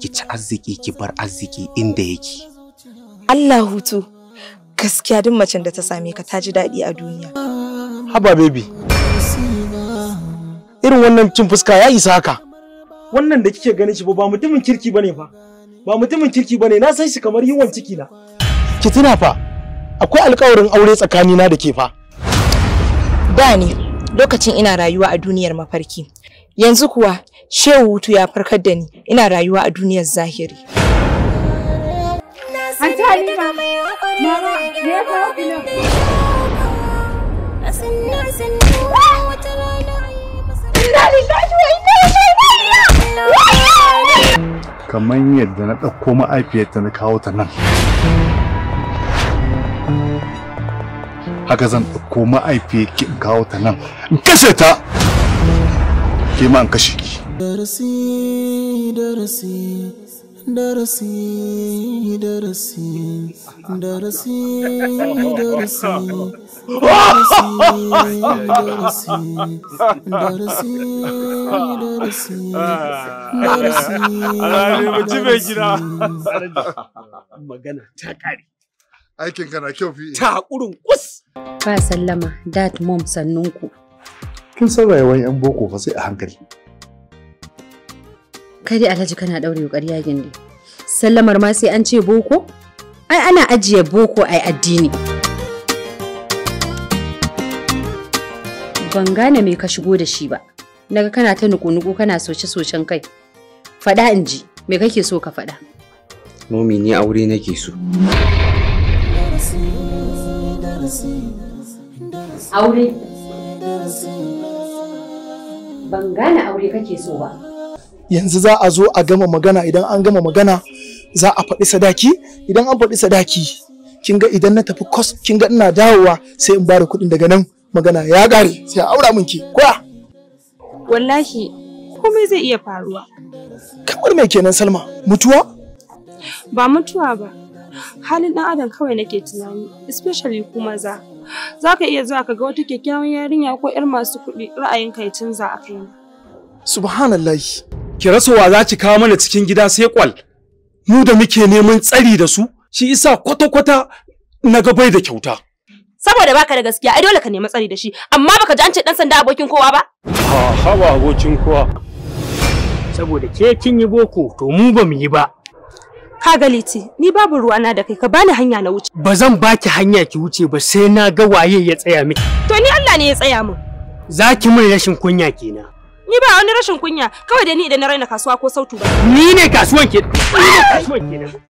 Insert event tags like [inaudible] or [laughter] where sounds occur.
ki ci arziki ki bar arziki inda yake Allah hutu gaskiya duk macen da ta same ka ta ji daɗi a duniya haba baby irin wannan cin fuska ya isa haka wannan da kike ganin shi ba mutumin kirki bane fa ba mutumin kirki bane na san shi kamar yiwon ciki na ki tuna fa akwai alƙawarin aure tsakanina da ke fa da lokacin ina rayuwa a duniyar mafarki yanzu kuwa shehu hutu ya farkar da ni ina rayuwa a duniyar zahiri kamar yadda na ɗauko ma'aifiyarta na kawo ta nan haka zan ɗauko ma'aifiyar ki kawo ta nan in kashe ta ke ma an kashe ki darasi darasi darasi darasi darasi darasi darasi darasi [laughs] magana ta kare aikin kana kyau fi ta kurun kus ba sallama dat mom sannunku kin san rayuwar yan boko fa sai a hankali kai dai alhaji kana daure ƙarya gindi sallamar ma sai an ce boko ai ana ajiye boko ai addini ban gane me ka shigo da shi ba naga kana ta nuku-nuku kana soce-socen kai faɗa in ji me kake so ka faɗa momi ni aure nake so aure Ban gane aure kake so ba. Yanzu za a zo a gama magana idan an gama magana za a faɗi sadaki idan an faɗi sadaki kin ga idan na tafi kos kin ga ina dawowa sai in bada kuɗin daga nan magana ya gare sai a aura minki koya. Wallahi komai zai iya faruwa. Kamar mai kenan Salma mutuwa? Ba mutuwa ba halin ɗan adam kawai nake tunani especially ku maza. za ka iya zuwa ka ga wata kyakkyawan yarinya ko 'yar masu kuɗi ra'ayinka ya canza a kai subhanallah ki rasa wa za ki kawo mana cikin gida sai kwal mu da muke neman tsari da su shi isa kwata-kwata na gabai da kyauta saboda baka da gaskiya ai dole ka nemi tsari da shi amma baka ji an ce dan sanda abokin kowa ba ha ha abokin kowa saboda ke kin yi boko to mu ba mu yi ba Ka ga liti, ni babu ruwana da kai ka bani hanya na wuce. Ba zan baki hanya ki wuce ba sai na ga waye ya tsaya miki. To ni Allah ne ya tsaya min. Za ki min rashin kunya kenan. Ni ba wani rashin kunya, kawai da ni idan na raina kasuwa ko sautu ba. Ni ne kasuwan ke. Ni ne kasuwan